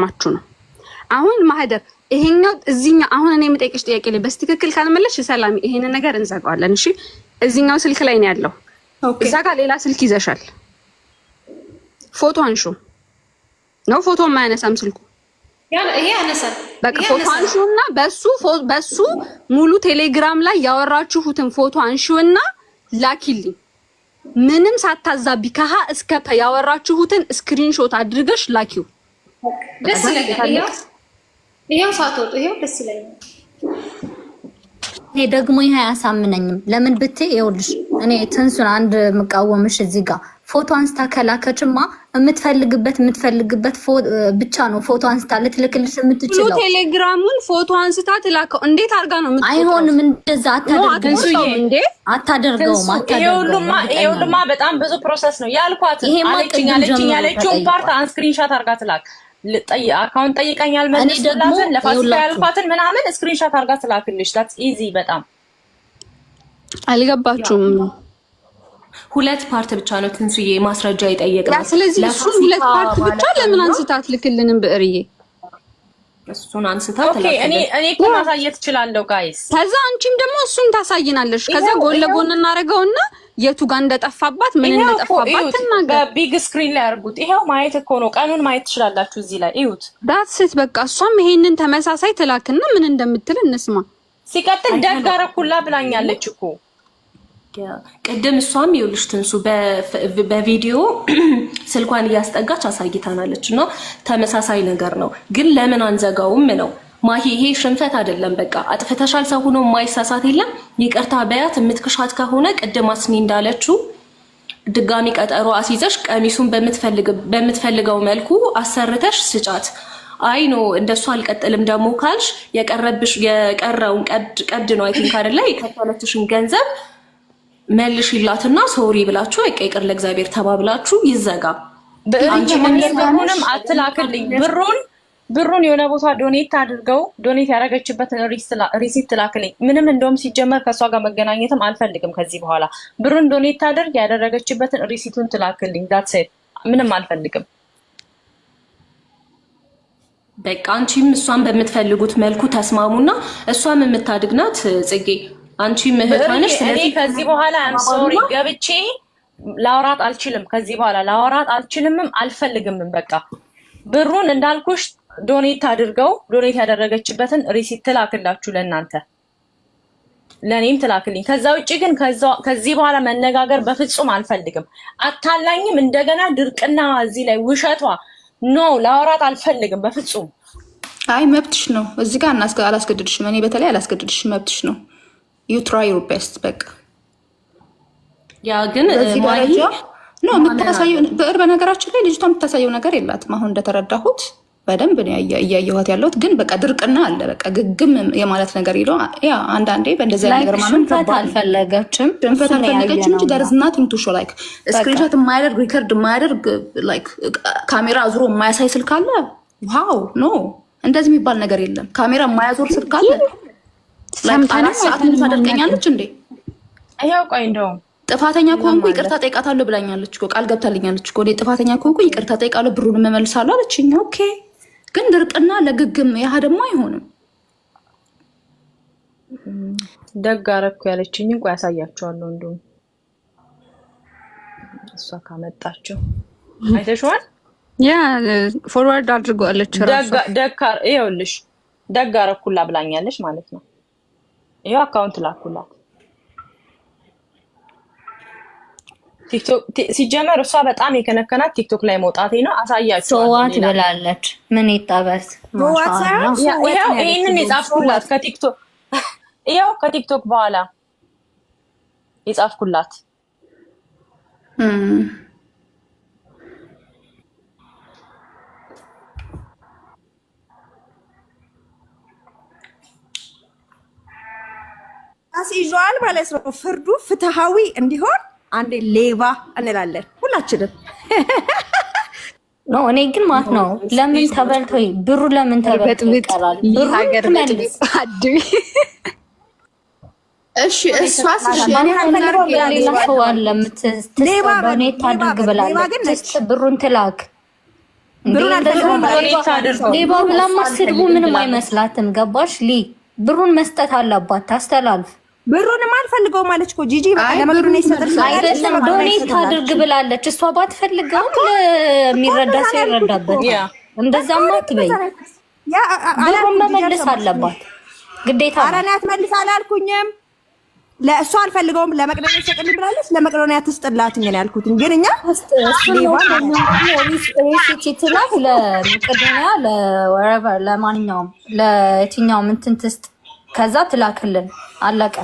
ማችሁ ነው። አሁን ማህደር ይሄኛው እዚህኛው አሁን እኔ የምጠይቅሽ ጥያቄ ላይ በስትክክል ካልመለሽ ሰላም ይሄን ነገር እንዘጋዋለን። እሺ እዚህኛው ስልክ ላይ ነው ያለው። እዛ ጋር ሌላ ስልክ ይዘሻል። ፎቶ አንሹ ነው ፎቶ የማያነሳም ስልኩ ይሄ ያነሳል። በቃ ፎቶ አንሹና በሱ በሱ ሙሉ ቴሌግራም ላይ ያወራችሁትን ፎቶ አንሺውና ላኪልኝ። ምንም ሳታዛቢ ከሀ እስከ ያወራችሁትን ስክሪንሾት አድርገሽ ላኪው። ደስ ይለኛል። ይሄው ይሄው ሳትወጡ ይሄው ደስ ይለኛል። እኔ ደግሞ ይሄ አያሳምነኝም። ለምን ብትይ ይኸውልሽ፣ እኔ ትንሱን አንድ የምቃወምሽ እዚህ ጋር ፎቶ አንስታ ከላከችማ የምትፈልግበት የምትፈልግበት ብቻ ነው ፎቶ አንስታ ልትልክልሽ የምትችለው። ቴሌግራሙን ፎቶ አንስታ ትላከው። እንዴት አርጋ ነው? አይሆንም፣ እንደዛ አታደርገውም። በጣም ብዙ ፕሮሰስ ነው ያልኳት። አለችኝ ያለችኝ ያለችውን ፓርት አንስክሪንሻት አርጋ ትላክ አካውንት ጠይቀኝ ያልመለስኩላትን ለፋሲካ ያልኳትን ምናምን ስክሪንሻት አርጋ ስላክልሽ። ዳትስ ኢዚ በጣም አልገባችሁም። ሁለት ፓርት ብቻ ነው ትንሱዬ ማስረጃ ይጠየቅ። ስለዚህ ሁለት ፓርት ብቻ ለምን አንስታት ልክልንም ብዕርዬ እሱን አንስታ እኔ እኮ ማሳየት እችላለሁ ጋይስ። ከዛ አንቺም ደግሞ እሱን ታሳይናለሽ። ከዛ ጎን ለጎን እናደርገውና የቱ ጋር እንደጠፋባት ምን እንደጠፋባት ትናገር። በቢግ ስክሪን ላይ አርጉት ይሄው ማየት እኮ ነው። ቀኑን ማየት ትችላላችሁ እዚህ ላይ እዩት። ዳትስት በቃ እሷም ይሄንን ተመሳሳይ ትላክና ምን እንደምትል እንስማ። ሲቀጥል ደግ አደረኩላ ብላኛለች እኮ ቅድም እሷም ይኸውልሽ ትንሱ በቪዲዮ ስልኳን እያስጠጋች አሳይታናለች እና ተመሳሳይ ነገር ነው። ግን ለምን አንዘጋውም ነው ማሂ። ይሄ ሽንፈት አይደለም። በቃ አጥፍተሻል። ሰው ሆኖ ማይሳሳት የለም። ይቅርታ በያት። የምትክሻት ከሆነ ቅድም አስኒ እንዳለችው ድጋሚ ቀጠሮ አስይዘሽ ቀሚሱን በምትፈልገው መልኩ አሰርተሽ ስጫት። አይ ኖ እንደሱ አልቀጥልም ደግሞ ካልሽ የቀረውን ቀድ ነው አይ ቲንክ አይደለ የከፈለችሽን ገንዘብ መልሽ ይላትና ሶሪ ብላችሁ በቃ ይቅር ለእግዚአብሔር ተባብላችሁ ይዘጋ። ብሩንም አትላክልኝ። ብሩን ብሩን የሆነ ቦታ ዶኔት አድርገው ዶኔት ያደረገችበትን ሪሲት ትላክልኝ። ምንም እንደውም ሲጀመር ከእሷ ጋር መገናኘትም አልፈልግም ከዚህ በኋላ። ብሩን ዶኔት አድርግ ያደረገችበትን ሪሲቱን ትላክልኝ። ዳትስ ምንም አልፈልግም። በቃ አንቺም እሷን በምትፈልጉት መልኩ ተስማሙና እሷም የምታድግናት ጽጌ አንቺ ምህታነሽ። ስለዚህ ከዚህ በኋላ አም ሶሪ ገብቼ ላውራት አልችልም። ከዚህ በኋላ ላውራት አልችልምም አልፈልግምም። በቃ ብሩን እንዳልኩሽ ዶኔት አድርገው። ዶኔት ያደረገችበትን ሪሲት ትላክላችሁ ለእናንተ ለእኔም ትላክልኝ። ከዛ ውጭ ግን ከዚህ በኋላ መነጋገር በፍጹም አልፈልግም። አታላኝም። እንደገና ድርቅና እዚህ ላይ ውሸቷ ኖ ላወራት አልፈልግም በፍጹም። አይ መብትሽ ነው። እዚህ ጋር አላስገድድሽም። እኔ በተለይ አላስገድድሽም፣ መብትሽ ነው። ዩ ትራይ ዩር ቤስት በቃ ያ ግን ነው የምታሳየው። ብዕር በነገራችን ላይ ልጅቷ የምታሳየው ነገር የላትም። አሁን እንደተረዳሁት በደንብ እያየኋት ያለሁት ግን በቃ ድርቅና አለ በቃ ግግም የማለት ነገር ይለ ያ አንዳንዴ በእንደዚ ነገር ማመንሽንፈት አልፈለገችም ሽንፈት አልፈለገችም እንጂ ደርዝ ናቲንግ ቱ ሾ ላይክ ስክሪንሾት የማያደርግ ሪከርድ የማያደርግ ላይክ ካሜራ አዙሮ የማያሳይ ስልክ አለ። ዋው ኖ እንደዚህ የሚባል ነገር የለም። ካሜራ የማያዞር ስልክ አለ። ሰምተንም ሰዓትን እንዴ? ያው ቆይ እንደውም ጥፋተኛ ከሆንኩ ይቅርታ ጠይቃታለሁ ብላኛለች እኮ ቃል ገብታልኛለች እኮ። እኔ ጥፋተኛ ከሆንኩ ይቅርታ ጠይቃለሁ ብሩን እመልሳለሁ አለችኝ። ኦኬ ግን ድርቅና ለግግም ያህ ደግሞ አይሆንም። ደግ አረኩ ያለችኝ እንኳ ያሳያቸዋለሁ። እንዲሁም እሷ ካመጣችው አይተሽዋል። ያ ፎርዋርድ ደግ አረኩላ ብላኛለች ማለት ነው ይኸው አካውንት ላኩላት። ሲጀመር እሷ በጣም የከነከናት ቲክቶክ ላይ መውጣቴ ነው። አሳያችሁ ሰዋት ምን ይጠበስ? ይህንን የጻፍኩላት ከቲክቶክ ይኸው ከቲክቶክ በኋላ የጻፍኩላት አስይዟል ማለት ነው። ፍርዱ ፍትሃዊ እንዲሆን አንዴ ሌባ እንላለን ሁላችንም። እኔ ግን ማለት ነው ለምን ተበልቶ ብሩ ለምን ተበልቶ ይቀራል? እሺ እሷስ ብሩን ትላክ ሌባ ምንም አይመስላትም። ገባሽ ሊ ብሩን መስጠት አለባት ታስተላልፍ ብሩንም አልፈልገውም አለች እኮ ጂጂ። በቃ ለመግሩን አይደለም ዶኔት ታድርግ ብላለች። እሷ ባትፈልገውም የሚረዳ ሰው ይረዳበት። እንደዛማ አትበይ። ብሩን መመለስ አለባት ግዴታ። ኧረ እኔ አትመልስ አላልኩኝም። ለእሷ አልፈልገውም ለመቅደም ይሰጥልኝ ብላለች። ለመቅደም ያትስጥላት እንግዲህ ያልኩት ግን እኛ ሪሲቲትና ለመቅደሚያ ለወረቨር ለማንኛውም ለየትኛውም እንትን ትስጥ ከዛ ትላክልን አለቀ።